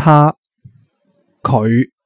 他，她、它。